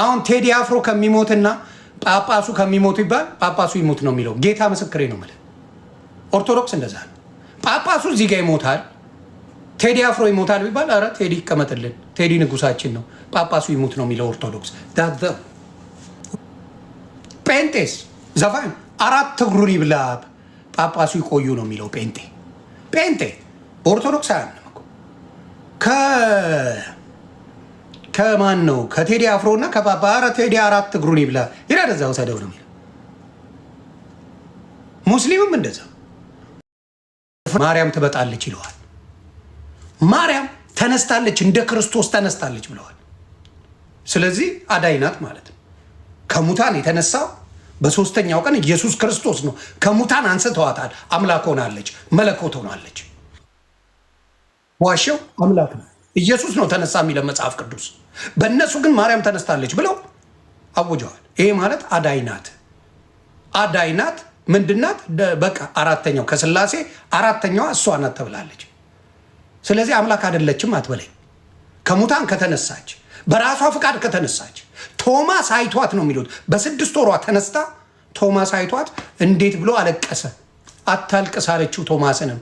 አሁን ቴዲ አፍሮ ከሚሞትና ጳጳሱ ከሚሞት ይባል ጳጳሱ ይሞት ነው የሚለው ጌታ ምስክሬ ነው የምልህ። ኦርቶዶክስ እንደዛ ነው። ጳጳሱ እዚህ ጋር ይሞታል፣ ቴዲ አፍሮ ይሞታል ቢባል ኧረ ቴዲ ይቀመጥልን፣ ቴዲ ንጉሳችን ነው፣ ጳጳሱ ይሞት ነው የሚለው ኦርቶዶክስ። ዳ ጴንጤስ ዘፋኝ አራት እግሩን ይብላብ ጳጳሱ ይቆዩ ነው የሚለው ጴንጤ ጴንጤ በኦርቶዶክስ አያምንም ከ ከማን ነው? ከቴዲ አፍሮ እና ከፓፓ። ኧረ ቴዲ አራት እግሩን ይብላ ይላል። እዛ ውሰደው ነው ሙስሊምም እንደዛ ማርያም ትበጣለች ይለዋል። ማርያም ተነስታለች፣ እንደ ክርስቶስ ተነስታለች ብለዋል። ስለዚህ አዳይ ናት ማለት ነው። ከሙታን የተነሳው በሶስተኛው ቀን ኢየሱስ ክርስቶስ ነው። ከሙታን አንስተዋታል። አምላክ ሆናለች፣ መለኮት ሆናለች። ዋሸው አምላክ ነው። ኢየሱስ ነው ተነሳ የሚለው መጽሐፍ ቅዱስ። በእነሱ ግን ማርያም ተነስታለች ብለው አውጀዋል። ይሄ ማለት አዳይ ናት። አዳይ ናት ምንድናት? በቃ አራተኛው ከስላሴ አራተኛዋ እሷ ናት ተብላለች። ስለዚህ አምላክ አይደለችም አትበለኝ። ከሙታን ከተነሳች በራሷ ፍቃድ ከተነሳች ቶማስ አይቷት ነው የሚሉት። በስድስት ወሯ ተነስታ ቶማስ አይቷት እንዴት ብሎ አለቀሰ። አታልቅስ አለችው። ቶማስንም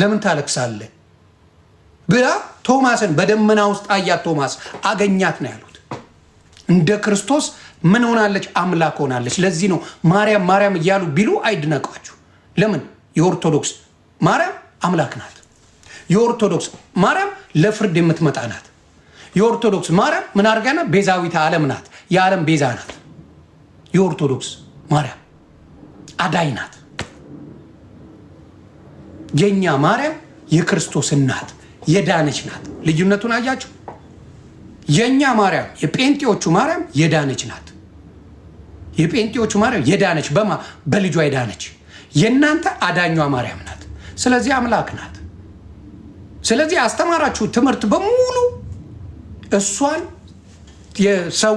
ለምን ታለቅሳለህ ብላ ቶማስን በደመና ውስጥ አያት። ቶማስ አገኛት ነው ያሉት። እንደ ክርስቶስ ምን ሆናለች? አምላክ ሆናለች። ለዚህ ነው ማርያም ማርያም እያሉ ቢሉ አይድነቃችሁ። ለምን? የኦርቶዶክስ ማርያም አምላክ ናት። የኦርቶዶክስ ማርያም ለፍርድ የምትመጣ ናት። የኦርቶዶክስ ማርያም ምን አድርጋና ቤዛዊት ዓለም ናት። የዓለም ቤዛ ናት። የኦርቶዶክስ ማርያም አዳይ ናት። የእኛ ማርያም የክርስቶስ እናት የዳነች ናት። ልዩነቱን አያችሁ? የእኛ ማርያም የጴንጤዎቹ ማርያም የዳነች ናት። የጴንጤዎቹ ማርያም የዳነች በማ በልጇ የዳነች የእናንተ አዳኟ ማርያም ናት። ስለዚህ አምላክ ናት። ስለዚህ አስተማራችሁ ትምህርት በሙሉ እሷን የሰው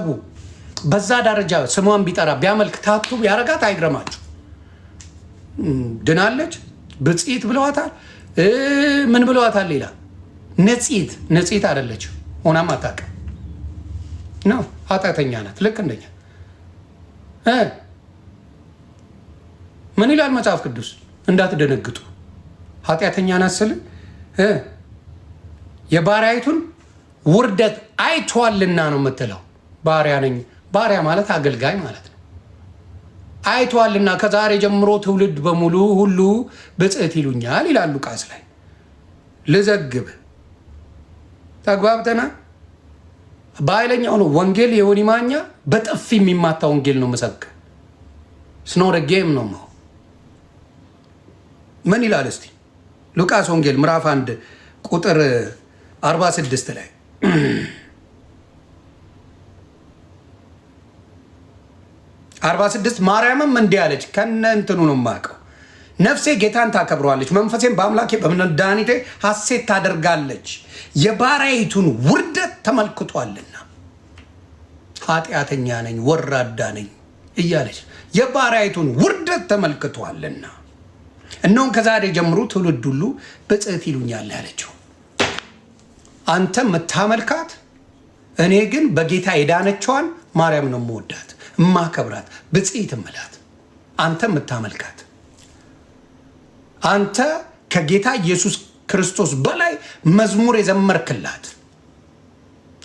በዛ ደረጃ ስሟን ቢጠራ ቢያመልክ ታቱ ያረጋት አይግረማችሁ። ድናለች፣ ብጽት ብለዋታል፣ ምን ብለዋታል ሌላ ነጽት ነጽት አደለችው ሆናም አታውቅም ነው ኃጢአተኛ ናት። ልክ እንደኛ ምን ይላል መጽሐፍ ቅዱስ? እንዳትደነግጡ ኃጢአተኛ ናት ስል የባሪያይቱን ውርደት አይቷልና ነው የምትለው። ባሪያ ነኝ። ባሪያ ማለት አገልጋይ ማለት ነው። አይቷልና ከዛሬ ጀምሮ ትውልድ በሙሉ ሁሉ ብጽዕት ይሉኛል ይላሉ ቃስ ላይ ልዘግብ ተግባብተናል። በኃይለኛው ነው ወንጌል የሆኒ ማኛ በጥፊ የሚማታ ወንጌል ነው መሰከ ስኖር ጌም ነው ምን ይላል እስቲ ሉቃስ ወንጌል ምዕራፍ አንድ ቁጥር 46 ላይ አርባ ስድስት ማርያምም እንዲህ አለች። ከነ እንትኑ ነው የማውቀው ነፍሴ ጌታን ታከብረዋለች፣ መንፈሴም በአምላኬ በመድኃኒቴ ሐሴት ታደርጋለች፣ የባሪያይቱን ውርደት ተመልክቷልና። ኃጢአተኛ ነኝ ወራዳ ነኝ እያለች የባሪያይቱን ውርደት ተመልክቷልና፣ እነሆም ከዛሬ ጀምሮ ትውልድ ሁሉ ብፅዕት ይሉኛል ያለችው አንተ የምታመልካት እኔ ግን በጌታ የዳነችዋን ማርያም ነው የምወዳት እማከብራት ብፅዕት እምላት አንተ የምታመልካት አንተ ከጌታ ኢየሱስ ክርስቶስ በላይ መዝሙር የዘመርክላት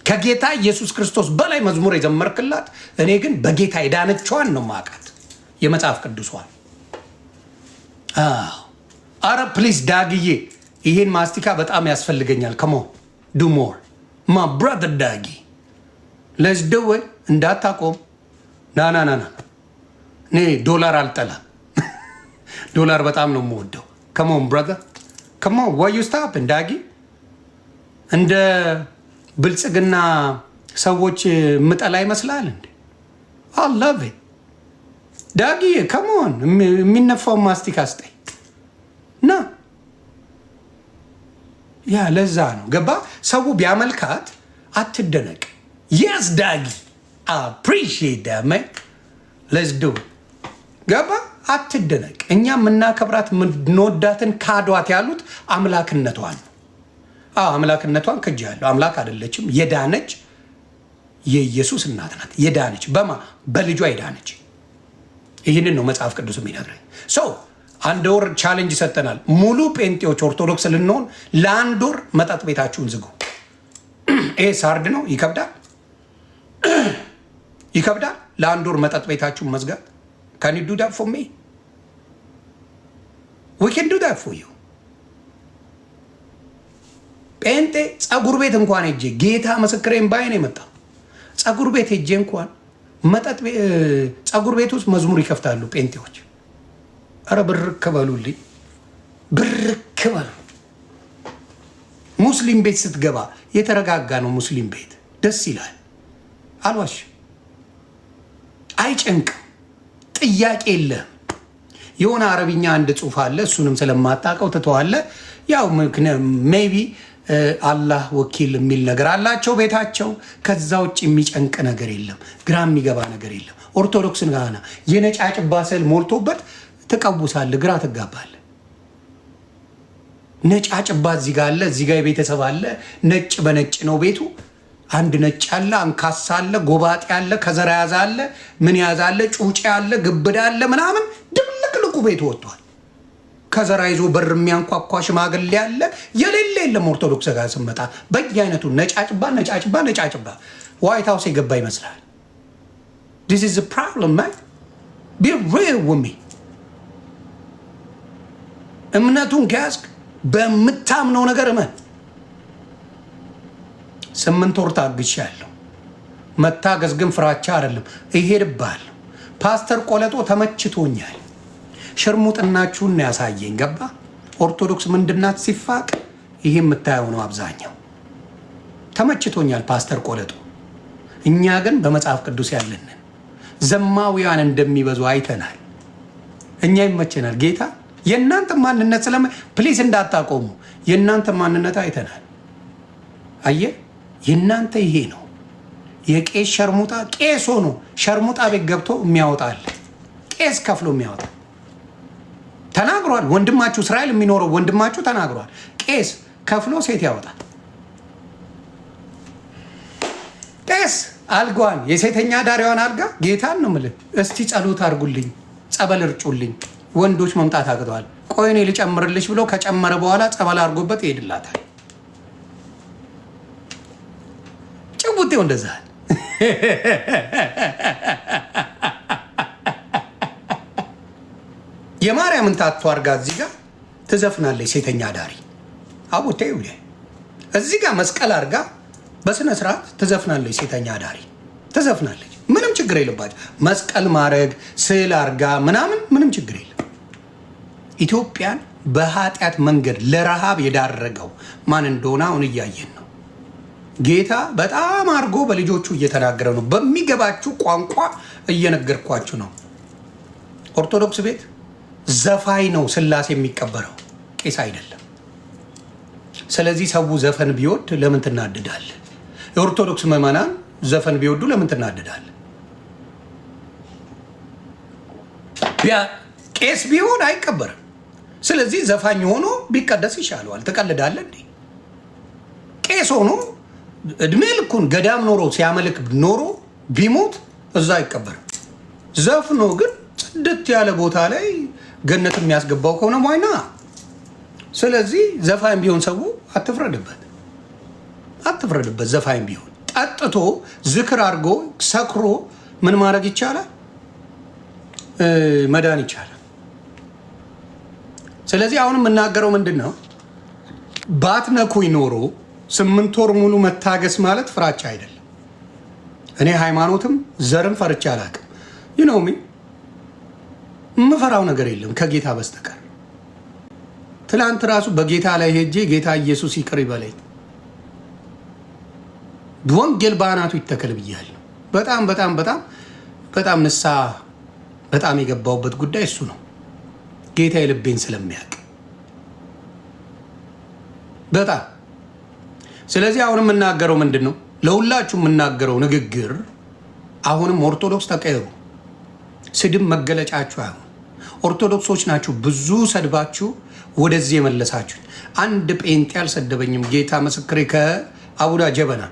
ከጌታ ኢየሱስ ክርስቶስ በላይ መዝሙር የዘመርክላት፣ እኔ ግን በጌታ የዳነችዋን ነው ማቃት የመጽሐፍ ቅዱሷን። አረ ፕሊዝ ዳግዬ ይህን ማስቲካ በጣም ያስፈልገኛል። ከሞ ዱ ሞር ማ ዳጊ ለዝደወይ እንዳታቆም ናናናና እኔ ዶላር አልጠላም። ዶላር በጣም ነው የምወደው። ከሞን ብረዘር ከሞን ዋዩ ስታፕ እንዳጊ እንደ ብልጽግና ሰዎች ምጠላ ይመስላል እንዴ? አላቭ ዳጊ ከሞን የሚነፋውን ማስቲክ አስጠኝ ና ያ ለዛ ነው ገባ ሰው ቢያመልካት አትደነቅ። የስ ዳጊ አፕሪሺየት ዳመ ለዝዱ ገባ አትደነቅ። እኛ የምናከብራት የምንወዳትን ካዷት ያሉት አምላክነቷን አምላክነቷን ክጅ ያለው አምላክ አይደለችም። የዳነች የኢየሱስ እናት ናት። የዳነች በማ በልጇ የዳነች። ይህንን ነው መጽሐፍ ቅዱስ የሚነግረኝ። ሰው አንድ ወር ቻሌንጅ ይሰጠናል። ሙሉ ጴንጤዎች ኦርቶዶክስ ልንሆን ለአንድ ወር መጠጥ ቤታችሁን ዝጉ። ይሄ ሳርድ ነው። ይከብዳል፣ ይከብዳል። ለአንድ ወር መጠጥ ቤታችሁን መዝጋት Can you do that for me? We can do that for you. ጴንጤ ጸጉር ቤት እንኳን ሄጄ ጌታ ምስክሬን ባይ ነው የመጣው። ጸጉር ቤት ሄጄ እንኳን መጠጥ ጸጉር ቤት ውስጥ መዝሙር ይከፍታሉ ጴንጤዎች። አረ ብርክ በሉልኝ፣ ብርክ በሉ። ሙስሊም ቤት ስትገባ የተረጋጋ ነው። ሙስሊም ቤት ደስ ይላል። አልዋሽ፣ አይጨንቅም ጥያቄ የለ። የሆነ አረብኛ አንድ ጽሁፍ አለ። እሱንም ስለማጣቀው ትተዋለ። ያው ሜቢ አላህ ወኪል የሚል ነገር አላቸው ቤታቸው። ከዛ ውጭ የሚጨንቅ ነገር የለም። ግራ የሚገባ ነገር የለም። ኦርቶዶክስን ጋና የነጫጭባ ስዕል ሞልቶበት ትቀውሳለ ግራ ትጋባለ። ነጫጭባ እዚህ ጋ አለ፣ እዚህ ጋ የቤተሰብ አለ። ነጭ በነጭ ነው ቤቱ። አንድ ነጭ አለ፣ አንካሳ አለ፣ ጎባጤ አለ፣ ከዘራ ያዛ አለ፣ ምን ያዛ አለ፣ ጩጬ አለ፣ ግብዳ አለ፣ ምናምን ድብልቅልቁ ቤት ወጥቷል። ከዘራ ይዞ በር የሚያንኳኳ ሽማግሌ አለ። የሌለ የለም። ኦርቶዶክስ ጋር ስመጣ በየአይነቱ ነጫጭባ ነጫጭባ ነጫጭባ ዋይት ሀውስ የገባ ይመስላል። ዲስ ኢዝ ፕሮብለም ቢ ሪል ውሚ እምነቱን ከያዝክ በምታምነው ነገር እመን። ስምንት ወር ያለው መታገዝ ግን ፍራቻ አይደለም፣ ይሄድባል ፓስተር ቆለጦ ተመችቶኛል። ሽርሙጥናችሁን ያሳየኝ ገባ። ኦርቶዶክስ ምንድናት ሲፋቅ ይሄ የምታየው ነው። አብዛኛው ተመችቶኛል ፓስተር ቆለጦ። እኛ ግን በመጽሐፍ ቅዱስ ያለንን ዘማውያን እንደሚበዙ አይተናል። እኛ ይመቸናል ጌታ። የእናንተ ማንነት ስለ ፕሊስ እንዳታቆሙ፣ የእናንተ ማንነት አይተናል። አየ የእናንተ ይሄ ነው። የቄስ ሸርሙጣ ቄስ ሆኖ ሸርሙጣ ቤት ገብቶ የሚያወጣል ቄስ ከፍሎ የሚያወጣ ተናግሯል። ወንድማችሁ እስራኤል የሚኖረው ወንድማችሁ ተናግሯል። ቄስ ከፍሎ ሴት ያወጣል። ቄስ አልጓን የሴተኛ ዳሪዋን አልጋ ጌታን ነው የምልህ። እስቲ ጸሎት አድርጉልኝ፣ ጸበል እርጩልኝ። ወንዶች መምጣት አቅተዋል። ቆይኔ እኔ ልጨምርልሽ ብሎ ከጨመረ በኋላ ጸበል አድርጎበት ይሄድላታል። ሰውየው እንደዛል የማርያምን ታቶ አርጋ እዚህ ጋር ትዘፍናለች። ሴተኛ አዳሪ አቦቴ ይውለ እዚህ ጋር መስቀል አርጋ በስነ ስርዓት ትዘፍናለች። ሴተኛ አዳሪ ትዘፍናለች። ምንም ችግር የለባቸው። መስቀል ማድረግ ስዕል አርጋ ምናምን ምንም ችግር የለም። ኢትዮጵያን በኃጢአት መንገድ ለረሃብ የዳረገው ማን እንደሆነ አሁን እያየን ጌታ በጣም አድርጎ በልጆቹ እየተናገረ ነው። በሚገባችሁ ቋንቋ እየነገርኳችሁ ነው። ኦርቶዶክስ ቤት ዘፋኝ ነው ስላሴ የሚቀበረው ቄስ አይደለም። ስለዚህ ሰው ዘፈን ቢወድ ለምን ትናደዳል? የኦርቶዶክስ ምዕመናን ዘፈን ቢወዱ ለምን ትናድዳል? ቄስ ቢሆን አይቀበርም። ስለዚህ ዘፋኝ ሆኖ ቢቀደስ ይሻለዋል። ትቀልዳለ እንዴ? ቄስ ሆኖ እድሜ ልኩን ገዳም ኖሮ ሲያመልክ ኖሮ ቢሞት እዛ አይቀበርም። ዘፍኖ ግን ጽድት ያለ ቦታ ላይ ገነት የሚያስገባው ከሆነ ዋይና። ስለዚህ ዘፋኝ ቢሆን ሰው አትፍረድበት፣ አትፍረድበት። ዘፋኝ ቢሆን ጠጥቶ ዝክር አድርጎ ሰክሮ ምን ማድረግ ይቻላል? መዳን ይቻላል። ስለዚህ አሁን የምናገረው ምንድን ነው? ባትነኩኝ ኖሮ ስምንት ወር ሙሉ መታገስ ማለት ፍራቻ አይደለም። እኔ ሃይማኖትም ዘርም ፈርቻ አላቅም። ይነውሚ የምፈራው ነገር የለም ከጌታ በስተቀር። ትላንት ራሱ በጌታ ላይ ሄጄ ጌታ ኢየሱስ ይቅር ይበለኝ ወንጌል በአናቱ ይተከል ብያለሁ። በጣም በጣም በጣም በጣም ንሳ በጣም የገባውበት ጉዳይ እሱ ነው። ጌታ የልቤን ስለሚያውቅ በጣም ስለዚህ አሁን የምናገረው ምንድን ነው? ለሁላችሁ የምናገረው ንግግር አሁንም ኦርቶዶክስ ተቀየሩ። ስድብ መገለጫችሁ አሁን ኦርቶዶክሶች ናችሁ። ብዙ ሰድባችሁ ወደዚህ የመለሳችሁ አንድ ጴንጤ አልሰደበኝም። ጌታ ምስክሬ ከአቡዳ ጀበና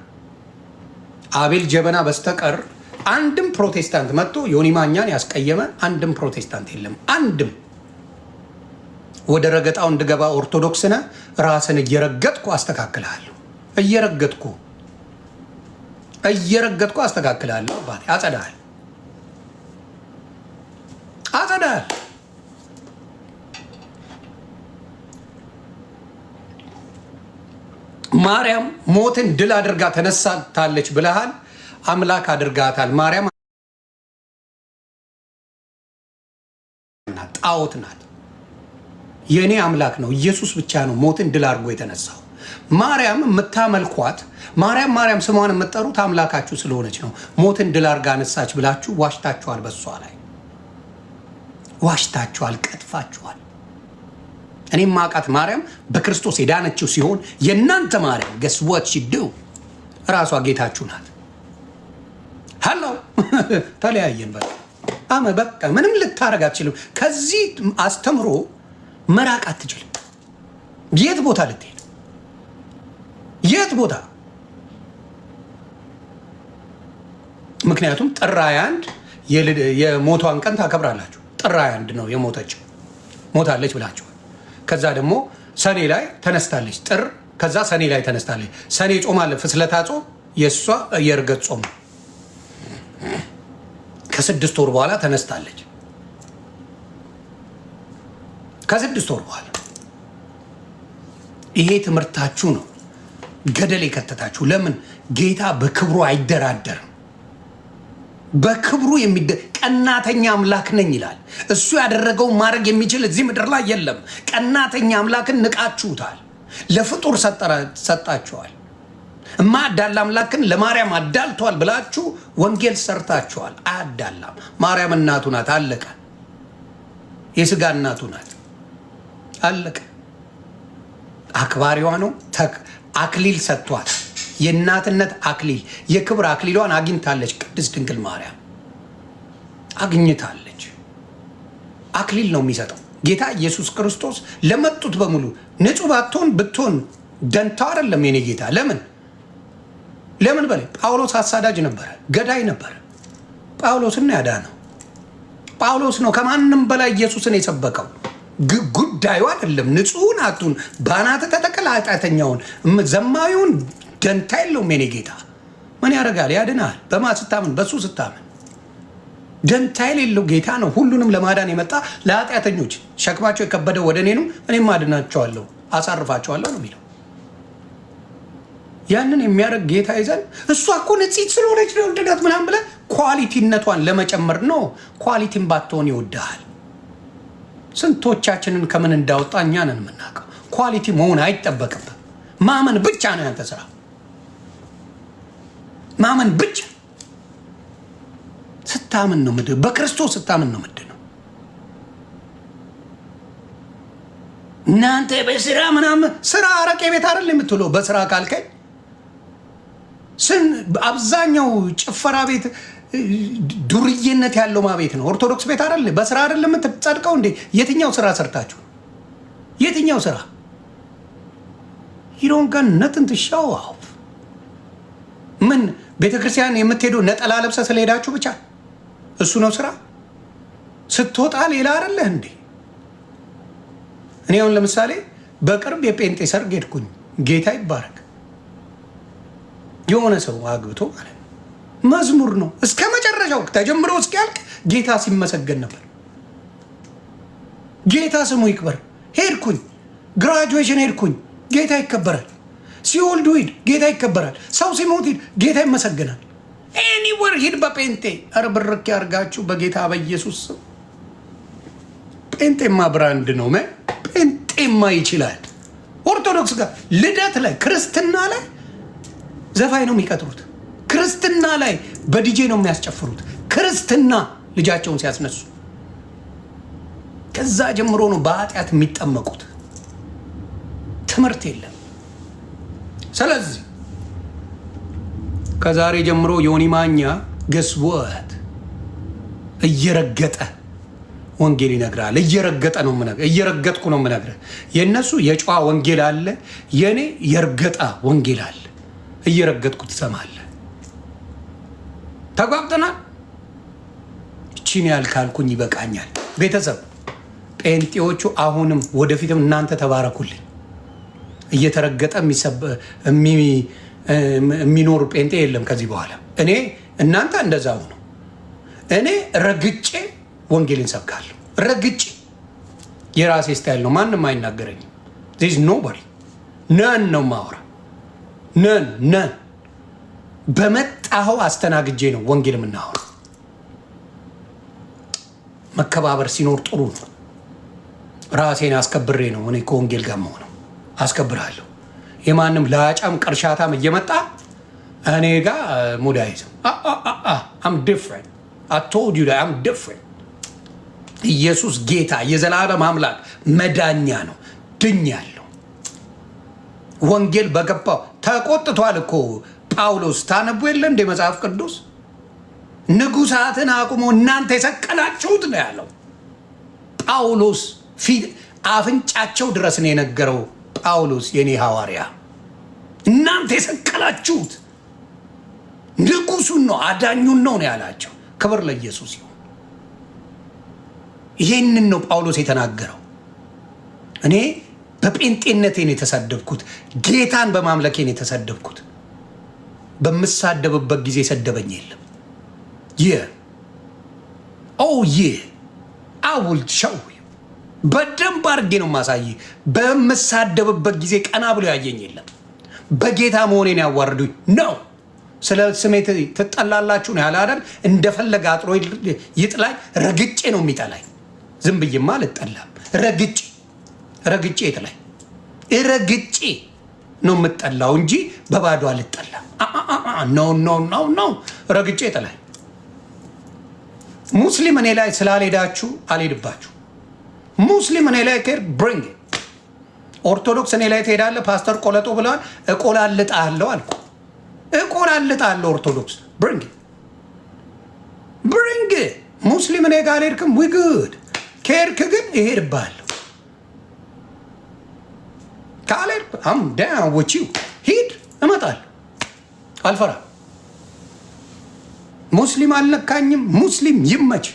አቤል ጀበና በስተቀር አንድም ፕሮቴስታንት መጥቶ ዮኒ ማኛን ያስቀየመ አንድም ፕሮቴስታንት የለም። አንድም ወደ ረገጣው እንድገባ ኦርቶዶክስ ራስን እየረገጥኩ አስተካክልሃለሁ። እየረገጥኩ እየረገጥኩ አስተካክላለሁ። አባቴ አጸዳል አጸዳል። ማርያም ሞትን ድል አድርጋ ተነሳታለች ብለሃል። አምላክ አድርጋታል። ማርያም ጣዖት ናት። የእኔ አምላክ ነው ኢየሱስ ብቻ ነው ሞትን ድል አድርጎ የተነሳው። ማርያም የምታመልኳት ማርያም ማርያም ስሟን የምትጠሩት አምላካችሁ ስለሆነች ነው። ሞትን ድል አድርጋ አነሳች ብላችሁ ዋሽታችኋል፣ በሷ ላይ ዋሽታችኋል፣ ቀጥፋችኋል። እኔም ማቃት ማርያም በክርስቶስ የዳነችው ሲሆን የእናንተ ማርያም ገስወት ሽድው ራሷ ጌታችሁ ናት። ሀሎ ተለያየን። በቃ አመ በቃ ምንም ልታረግ አትችልም። ከዚህ አስተምሮ መራቅ አትችልም። የት ቦታ ልትሄድ የት ቦታ? ምክንያቱም ጥር ሃያ አንድ የሞቷን ቀን ታከብራላችሁ። ጥር ሃያ አንድ ነው የሞተችው ሞታለች ብላችኋል። ከዛ ደግሞ ሰኔ ላይ ተነስታለች ጥር ከዛ ሰኔ ላይ ተነስታለች። ሰኔ ጾም አለ ፍስለታ ጾም የእሷ የእርገት ጾም ከስድስት ወር በኋላ ተነስታለች። ከስድስት ወር በኋላ ይሄ ትምህርታችሁ ነው። ገደል የከተታችሁ። ለምን? ጌታ በክብሩ አይደራደርም። በክብሩ ቀናተኛ አምላክ ነኝ ይላል። እሱ ያደረገውን ማድረግ የሚችል እዚህ ምድር ላይ የለም። ቀናተኛ አምላክን ንቃችሁታል። ለፍጡር ሰጣችኋል። እማያዳላ አምላክን ለማርያም አዳልቷል ብላችሁ ወንጌል ሰርታችኋል። አያዳላም። ማርያም እናቱ ናት። አለቀ። የስጋ እናቱ ናት። አለቀ። አክባሪዋ ነው። አክሊል ሰጥቷት የእናትነት አክሊል የክብር አክሊሏን አግኝታለች። ቅድስት ድንግል ማርያም አግኝታለች። አክሊል ነው የሚሰጠው ጌታ ኢየሱስ ክርስቶስ ለመጡት በሙሉ። ንጹህ ባትሆን ብትሆን ደንታው አይደለም የኔ ጌታ። ለምን ለምን በላይ ጳውሎስ አሳዳጅ ነበረ፣ ገዳይ ነበረ። ጳውሎስን ያዳነው ጳውሎስ ነው ከማንም በላይ ኢየሱስን የሰበከው። ጉዳዩ አይደለም። ንጹህን አቱን ባናትህ ተጠቅል ኃጢአተኛውን ዘማዊውን ደንታ የለውም። የኔ ጌታ ምን ያደርጋል? ያድናል። በማ ስታምን፣ በሱ ስታምን ደንታ የሌለው ጌታ ነው። ሁሉንም ለማዳን የመጣ ለኃጢአተኞች ሸክማቸው የከበደው ወደ እኔ ነው፣ እኔም አድናቸዋለሁ፣ አሳርፋቸዋለሁ ነው የሚለው። ያንን የሚያደርግ ጌታ ይዘን እሷ እኮ ንጽሕት ስለሆነች ነው የወደዳት ምናምን ብለህ ኳሊቲነቷን ለመጨመር ነው። ኳሊቲን ባትሆን ይወድሃል። ስንቶቻችንን ከምን እንዳወጣ እኛ ነን የምናውቀው። ኳሊቲ መሆን አይጠበቅብህ። ማመን ብቻ ነው ያንተ ስራ፣ ማመን ብቻ። ስታምን ነው ምድ በክርስቶስ ስታምን ነው ምድ ነው። እናንተ በስራ ምናምን ስራ አረቄ ቤት አይደል የምትውለው። በስራ ካልከኝ አብዛኛው ጭፈራ ቤት ዱርዬነት ያለው ማቤት ነው። ኦርቶዶክስ ቤት አይደለ? በስራ አይደለ የምትጸድቀው እንዴ? የትኛው ስራ ሰርታችሁ? የትኛው ስራ ሂሮን ጋር ነትን ትሻው ምን ቤተ ክርስቲያን የምትሄዱ ነጠላ ለብሰ ስለሄዳችሁ ብቻ እሱ ነው ስራ። ስትወጣ ሌላ አይደለህ እንዴ? እኔ አሁን ለምሳሌ በቅርብ የጴንጤ ሰርግ ሄድኩኝ። ጌታ ይባረክ የሆነ ሰው አግብቶ ማለት መዝሙር ነው። እስከ መጨረሻው ተጀምሮ እስኪያልቅ ጌታ ሲመሰገን ነበር። ጌታ ስሙ ይክበር። ሄድኩኝ፣ ግራጁዌሽን ሄድኩኝ፣ ጌታ ይከበራል። ሲወልድ ሂድ፣ ጌታ ይከበራል። ሰው ሲሞት ሂድ፣ ጌታ ይመሰገናል። ኤኒወር ሂድ፣ በጴንጤ ኧረ ያርጋችሁ በጌታ በኢየሱስ ስም። ጴንጤማ ብራንድ ነው። ጴንጤማ ይችላል። ኦርቶዶክስ ጋር ልደት ላይ ክርስትና ላይ ዘፋኝ ነው የሚቀጥሩት። ክርስትና ላይ በዲጄ ነው የሚያስጨፍሩት። ክርስትና ልጃቸውን ሲያስነሱ ከዛ ጀምሮ ነው በኃጢአት የሚጠመቁት። ትምህርት የለም። ስለዚህ ከዛሬ ጀምሮ ዮኒ ማኛ ገስወት እየረገጠ ወንጌል ይነግራል። እየረገጠ ነው የምነግርህ፣ እየረገጥኩ ነው የምነግርህ። የእነሱ የጨዋ ወንጌል አለ፣ የእኔ የእርገጣ ወንጌል አለ። እየረገጥኩ ትሰማለህ። ተጓብጠናል። እቺን ያልካልኩኝ ይበቃኛል። ቤተሰብ ጴንጤዎቹ አሁንም ወደፊትም እናንተ ተባረኩልኝ። እየተረገጠ የሚኖር ጴንጤ የለም ከዚህ በኋላ እኔ እናንተ እንደዛ ነው። እኔ ረግጬ ወንጌልን ሰብካለሁ። ረግጬ የራሴ ስታይል ነው። ማንም አይናገረኝም። ዚስ ኖ ነን ነው ማወራ ነን ነን በመጣኸው አስተናግጄ ነው ወንጌል የምናወር። መከባበር ሲኖር ጥሩ ነው። ራሴን አስከብሬ ነው እኔ ከወንጌል ጋር መሆነው። አስከብራለሁ። የማንም ለጫም ቅርሻታም እየመጣ እኔ ጋር ሙድ አይዝም። ኢየሱስ ጌታ የዘላለም አምላክ መዳኛ ነው። ድኛለሁ። ወንጌል በገባው ተቆጥቷል እኮ ጳውሎስ ታነቡ የለ እንደ መጽሐፍ ቅዱስ ንጉሳትን አቁሞ እናንተ የሰቀላችሁት ነው ያለው ጳውሎስ። አፍንጫቸው ድረስ ነው የነገረው ጳውሎስ የኔ ሐዋርያ እናንተ የሰቀላችሁት ንጉሱን ነው አዳኙን ነው ነው ያላቸው። ክብር ለኢየሱስ ይሁን። ይህንን ነው ጳውሎስ የተናገረው። እኔ በጴንጤነቴን የተሰደብኩት ጌታን በማምለኬን የተሰደብኩት በምሳደብበት ጊዜ የሰደበኝ የለም። ይህ ኦ ይህ አውልድ ሸው በደንብ አድርጌ ነው ማሳይ። በምሳደብበት ጊዜ ቀና ብሎ ያየኝ የለም። በጌታ መሆኔን ያዋርዱኝ ነው። ስለ ስሜት ትጠላላችሁ ነው ያለ አይደል? እንደፈለገ አጥሮ ይጥላኝ። ረግጬ ነው የሚጠላኝ። ዝም ብዬማ አልጠላም። ረግጬ ረግጬ ይጥላኝ። ረግጬ ነው የምጠላው እንጂ በባዶ አልጠላ ኖ ኖ ኖ ኖ ረግጬ ጥላኝ። ሙስሊም እኔ ላይ ስላልሄዳችሁ አልሄድባችሁ። ሙስሊም እኔ ላይ ከሄድ ብሪንግ ኦርቶዶክስ እኔ ላይ ትሄዳለህ ፓስተር ቆለጦ ብለዋል። እቆላልጣለሁ አልኩ። እቆላልጣለሁ ኦርቶዶክስ ብሪንግ ብሪንግ ሙስሊም እኔ ጋር አልሄድክም። ዊግድ ከሄድክ ግን ይሄድብሃል። ካልሄድክ አም ዳን ውጪው ሂድ እመጣለሁ። አልፈራ። ሙስሊም አልነካኝም። ሙስሊም ይመች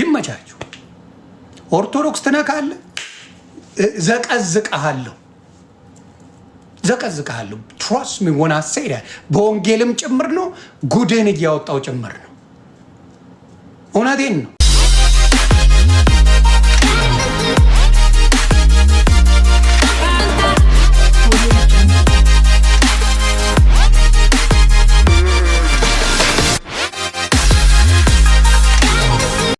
ይመቻችሁ። ኦርቶዶክስ ትነካለ፣ ዘቀዝቀሃለሁ ዘቀዝቀሃለሁ። ትሮስ ሚሆን አሰይዳ በወንጌልም ጭምር ነው፣ ጉድን እያወጣው ጭምር ነው። እውነቴን ነው።